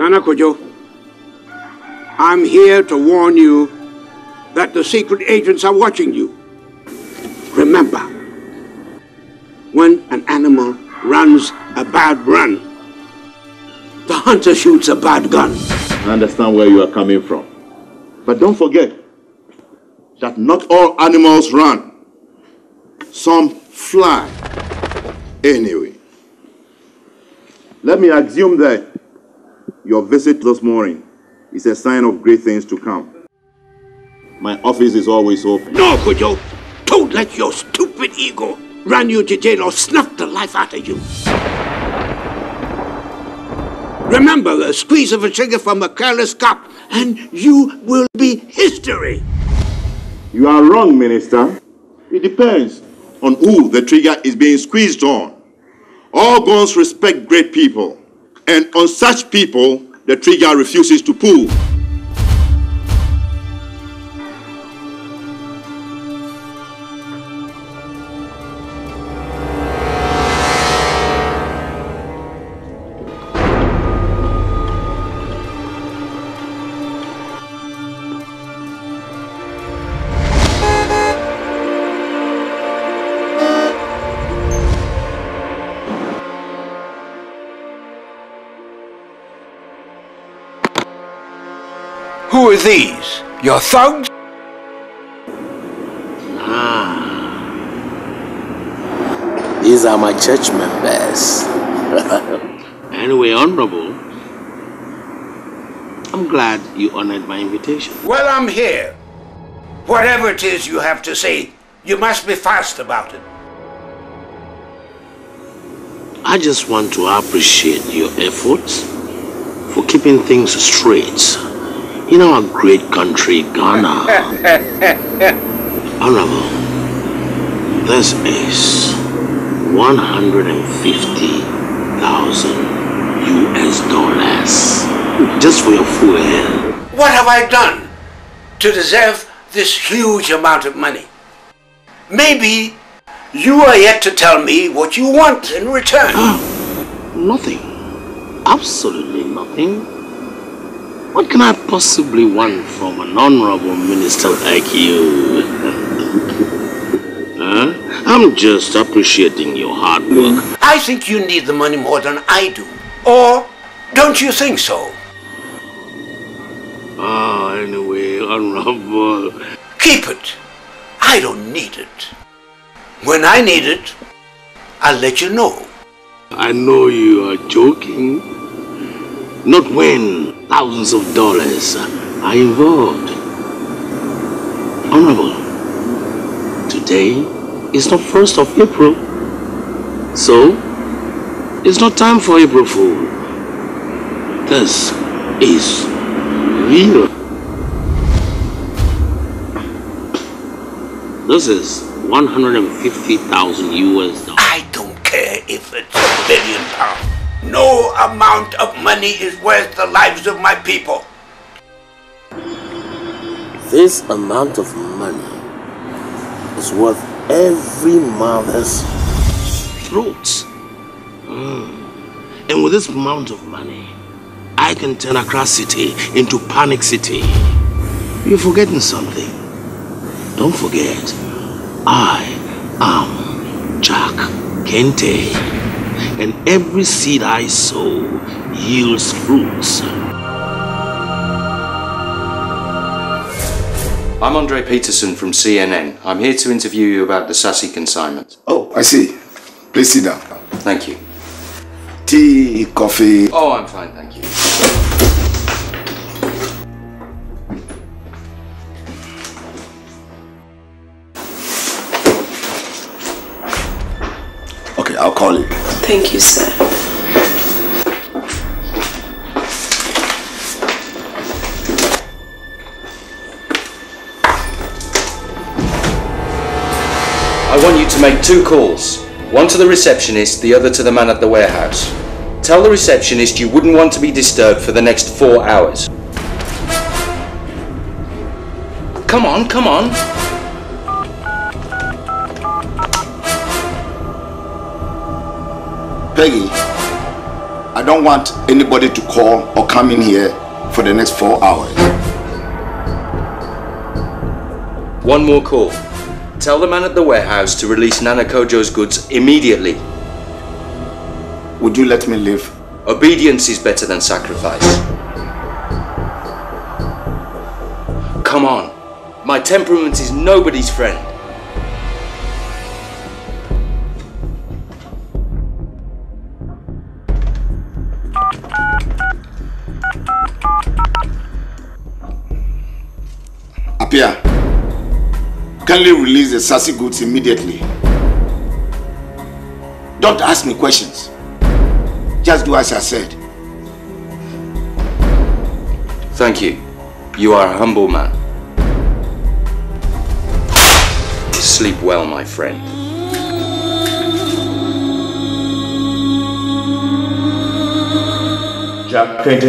Nana Kujo, I'm here to warn you that the secret agents are watching you. Remember, when an animal runs a bad run, the hunter shoots a bad gun. I understand where you are coming from. But don't forget that not all animals run. Some fly. Anyway, let me assume that your visit this morning is a sign of great things to come. My office is always open. No, Kujo! Don't let your stupid ego run you to jail or snuff the life out of you. Remember, a squeeze of a trigger from a careless cop, and you will be history. You are wrong, Minister. It depends on who the trigger is being squeezed on. All guns respect great people. And on such people, the trigger refuses to pull. Who are these? Your thugs? Ah. These are my church members. anyway, Honorable, I'm glad you honored my invitation. Well, I'm here. Whatever it is you have to say, you must be fast about it. I just want to appreciate your efforts for keeping things straight in our great country, Ghana. Honorable, this is 150,000 US dollars. Just for your full hand. What have I done to deserve this huge amount of money? Maybe you are yet to tell me what you want in return. Ah, nothing. Absolutely nothing. What can I possibly want from an honorable minister like you? huh? I'm just appreciating your hard work. I think you need the money more than I do. Or don't you think so? Ah, oh, anyway, honorable. Keep it. I don't need it. When I need it, I'll let you know. I know you are joking. Not when, Thousands of dollars are involved. Honorable, today is not 1st of April, so it's not time for April Fool. This is real. This is 150,000 US dollars. I don't care if it's a billion pounds. No amount of money is worth the lives of my people. This amount of money is worth every mother's throat. Mm. And with this amount of money, I can turn Accra City into Panic City. You're forgetting something. Don't forget, I am Jack Kente and every seed I sow yields fruits. I'm Andre Peterson from CNN. I'm here to interview you about the Sassy consignment. Oh, I see. Please sit down. Thank you. Tea, coffee. Oh, I'm fine, thank you. Okay, I'll call you. Thank you, sir. I want you to make two calls, one to the receptionist, the other to the man at the warehouse. Tell the receptionist you wouldn't want to be disturbed for the next four hours. Come on, come on. Peggy, I don't want anybody to call or come in here for the next four hours. One more call. Tell the man at the warehouse to release Nana Kojo's goods immediately. Would you let me live? Obedience is better than sacrifice. Come on. My temperament is nobody's friend. Kindly release the Sassy goods immediately. Don't ask me questions. Just do as I said. Thank you. You are a humble man. Sleep well, my friend. Jack